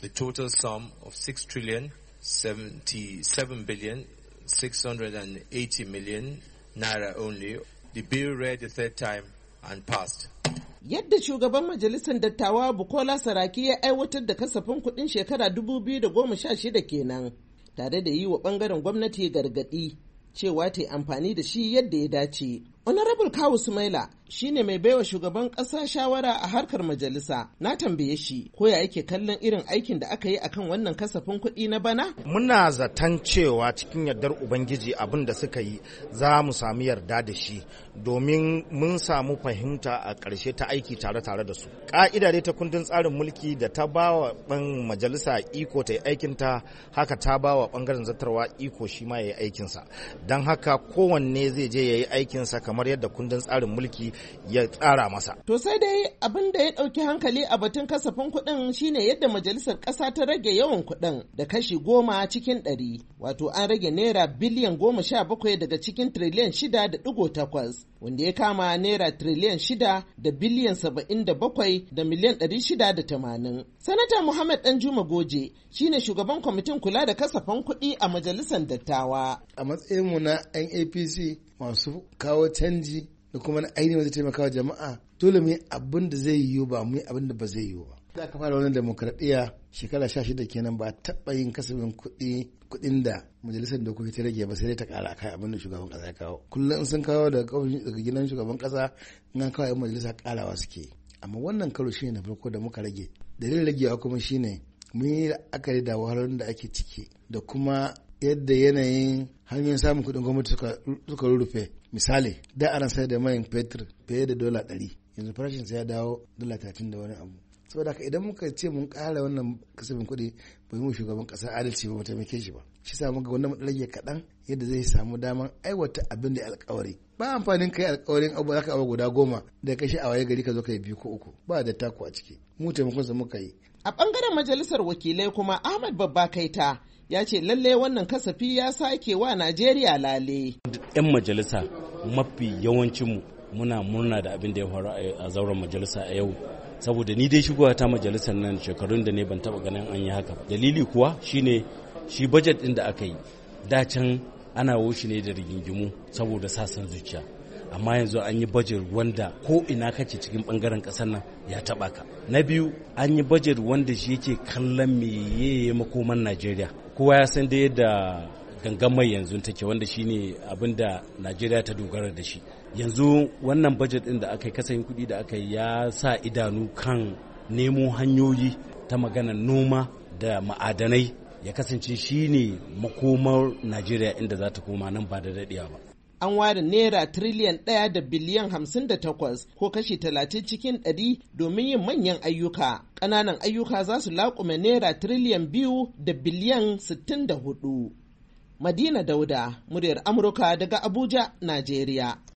the total sum of 6 trillion 77 billion 680 million naira only. The bill read the third time and passed. Yadda shugaban majalisar dattawa Bukola Saraki ya aiwatar da kasafin kudin shekara 2016 kenan, tare da yi wa bangaren gwamnati gargadi cewa ta amfani da shi yadda ya dace. honorable kawu sumaila ne mai baiwa shugaban ƙasa shawara a harkar majalisa na tambaye shi ko ya yake kallon irin aikin da aka yi akan wannan kasafin kuɗi na bana muna zaton cewa cikin yardar ubangiji abin da suka yi za mu sami yarda da shi domin mun samu fahimta a ƙarshe ta aiki tare tare da su ƙa'ida dai ta kundin tsarin mulki da ta ba wa ɓan majalisa iko ta yi aikinta haka ta ba wa ɓangaren zartarwa iko shi ma ya yi aikinsa don haka kowanne zai je ya yi aikinsa kamar yadda kundin tsarin mulki ya tsara masa. To sai dai abin da ya ɗauki hankali a batun kasafin kuɗin shine yadda majalisar ƙasa ta rage yawan kuɗin da kashi goma cikin ɗari. Wato an rage naira biliyan goma sha bakwai daga cikin triliyan shida da ɗigo takwas. Wanda ya kama naira triliyan shida da biliyan saba'in da bakwai da miliyan ɗari shida da tamanin. Sanata Muhammad Danjuma Goje shine shugaban kwamitin kula da kasafin kuɗi a majalisar dattawa. A matsayin mu na NAPC masu kawo canji da kuma na zai taimaka wa jama'a dole mu yi abin da zai yiwu ba mu yi abin da ba zai yiwu ba da aka fara wani demokradiyya shekara sha shida kenan ba taɓa yin kasafin kuɗi kuɗin da majalisar dokoki ta rage ba sai dai ta ƙara kai abin da shugaban ƙasa ya kawo kullum sun kawo daga gidan shugaban ƙasa in an kawo majalisa ƙarawa suke amma wannan karo shine na farko da muka rage dalilin ragewa kuma shine mun yi la'akari da wahalar da ake ciki da kuma yadda yanayin hanyoyin samun kuɗin gwamnati suka rurrufe misali da ana sai da man fetur fiye da dola ɗari yanzu farashin sai ya dawo dola talatin da wani abu saboda haka idan muka ce mun ƙara wannan kasafin kuɗi ba mu shugaban ƙasa adalci ba mu taimake shi ba shi sa muka wannan matsalar kaɗan yadda zai samu daman aiwata abin da alƙawari ba amfanin kai alkawarin abu ka abu guda goma da kashi a waye gari ka zo kai biyu ko uku ba da taku a ciki mu taimakon sa muka yi a ɓangaren majalisar wakilai kuma Ahmad Babba Kaita ya ce lalle wannan kasafi ya sake wa Najeriya lale. 'Yan majalisa mafi yawancinmu muna murna da abin da ya faru a zauren majalisa a yau saboda ni dai shigowa ta majalisar nan shekarun da ne ban taba ganin an yi haka dalili kuwa shine shi bajet din da aka yi da ana woshi ne da rigingimu saboda sasan zuciya amma yanzu an yi bajet wanda ko ina kake cikin bangaren kasar nan ya taba ka na biyu an yi bajet wanda shi yake kallon meye makoman najeriya kowa ya san da yadda gangan mai yanzu take wanda shine abin da najeriya ta dogara da shi yanzu wannan bajet din da aka yi kasayin kuɗi da aka yi ya sa idanu kan nemo hanyoyi ta magana noma da ma'adanai ya kasance shine makomar najeriya inda za ta koma nan ba da daɗewa ba an ware naira triliyan ɗaya da biliyan hamsin da takwas ko kashi talatin cikin ɗari domin yin manyan ayyuka. Ƙananan ayyuka za su laƙume naira triliyan biyu da biliyan sittin da hudu. Madina Dauda, muryar Amurka daga Abuja, Najeriya.